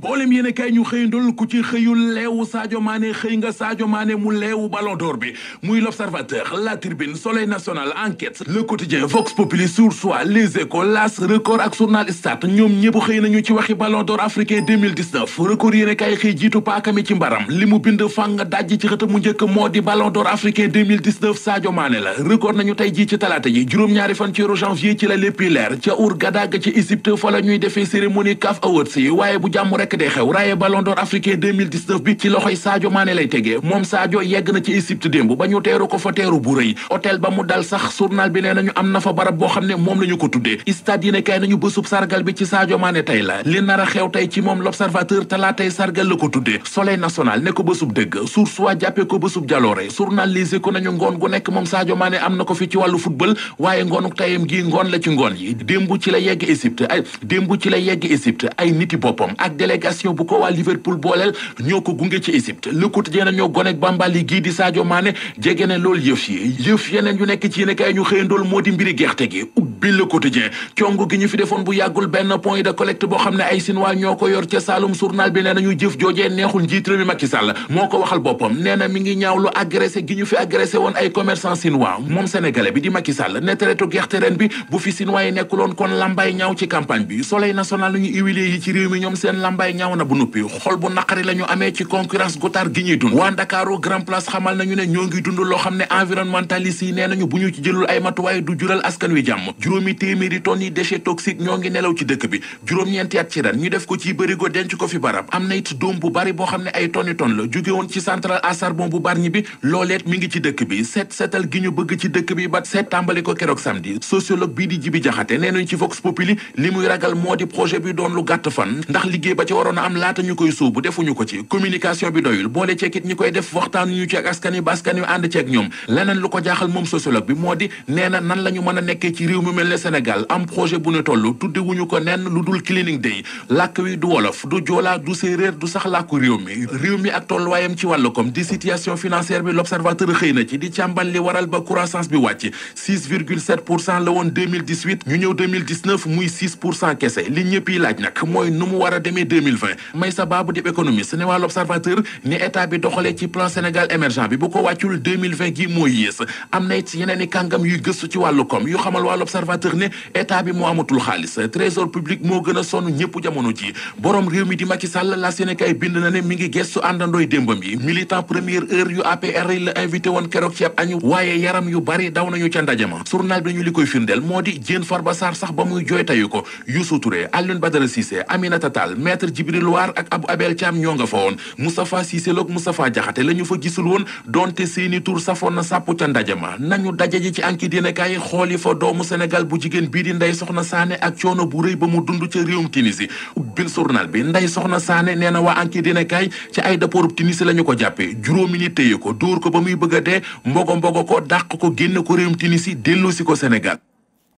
mboolem yéen a kaay ñu xëyandool ku ci xëyul leewu Sadio Mané xëy nga Sadio Mané mu leewu Ballon d'Or bi muy l'Observateur la Tribune Soleil National Enquête Le Quotidien Vox Populi Source A Les Échos L'As Record ak journal Stades ñoom ñëpp xëy nañu ci waxi Ballon d'Or africain 2019 Record yéen a kaay xëy jiitu paakami ci mbaram li mu bind fàng dajj ci xëta mu njëkk moo di Ballon d'Or africain 2019 Sadio Mané la Record nañu tey jii ci talaata ji juróom-ñaari fan ci weeru janvier ci la léppi leer ga ci Égypte fa la ñuy defee cérémonie waaye bu jàmm rek nekk day africain bi ci loxoy Sadio Mané lay tegee moom Sadio yegg na ci Égypte démb ba ñu teeru ko fa teeru bu rëy hôtel ba mu dal sax journal bi nee nañu am na fa barab boo xam ne moom la ñu ko tuddee stade yi ne kay nañu bësub sargal bi ci Sadio Mané tey la li nar a xew tey ci moom l'observateur talaatay sargal la ko tuddee soleil national ne ko bësub dëgg source waa jàppee ko bësub jaloore journal lise ko nañu ngoon gu nekk moom Sadio Mané la ci ngoon la yegg délégation bu ko waa Liverpool booleel ñoo ko gunge ci Égypte Le Quotidien na ñoo gonek gii di Sadio Mané jege ne loolu yëf yi yëf yeneen yu nekk ci yéen ñu xëyandool moo di mbiri gerte gi ubbi Le congo gi ñu fi defoon bu yàggul benn point de collecte boo xam ne ay Sinwaa ñoo ko yor ca Saalum journal bi nee nañu jëf joojee neexul njiit réew mi Macky moo ko waxal boppam nee na mi ngi ñaawlu agressé gi ñu fi agressé woon ay commerçant Sinwaa waaye ñaaw na bu nuppi loo xam ne environnementaliste yi nee nañu bu ñu ci jëlul ay matuwaay du jural askan wi jàmm juróomi téeméeri dëkk bi juróom-ñeenti ko ci bërigo denc ko fi barab am boo xam ne ay tonni tonn la jóge woon ci centrale à charbon bu Bargny bi looleet mi ngi ci dëkk bi set setal gi ñu bëgg ci dëkk bi ba seet tàmbali ko keroog samedi sociologue bii di Jibi Jaxate nee nañu ci Vox Populi li muy ragal moo di projet bi doon lu gàtt fan ndax liggéey ba ci waroon a am laata ñu koy sóobu defuñu ko ci communication bi doyul boole ceekit ñi koy def waxtaan ñu askan wi ba askan ànd ceeg ñoom leneen lu ko jaaxal moom sociologue bi moo di nee nan la mën a nekkee ci réew mi mel ne Sénégal am projet bu ne toll tuddewuñu ko nenn lu dul cleaning day làkk du wolof du joolaa du séeréer du sax làkku réew mi ak tolluwaayam ci wàllu koom di situation financière bi l'observateur xëy na ci di càmban 2020 Maysa Ba bu dib économiste ne ni état bi doxalee ci plan Sénégal émergent bi bu ko wàccul gi mooy yées am na yeneen i kàngam yuy gëstu ci wàllu koom yu xamal waa l'observateur ne état bi moo amatul xaalis trésor public moo gën a sonn ñëpp jamono ji borom réew mi di Macky la Sénégal bind na ne mi ngi gëstu àndandooy démbam yi militant première heure yu APR yi la invité woon keroog ci ab añu waaye yaram yu bari daw nañu ca ndaje ma Djibril Waar ak Abou Abel Thiam ñoo nga fa woon Moustapha Cissé Lo ak Moustapha Diakhaté la ñu fa gisul woon donte seeni tur safoon na sàpp ca ndajama nañu daje ji ci enquête dina kaay xooli fa doomu Sénégal bu jigéen bii di Ndeye Soxna Sané ak coono bu rëy ba mu dund ca réewum Tunisie ubbil journal bi ndey Soxna Sané nee na waa enquête dina kaay ci aéroportu Tunisie la ñu ko jàppee juróomi nit téye ko dóor ko ba muy bëgg a dee mbogo mbogo ko dàq ko génn ko réewum Tunisie dellu si ko Sénégal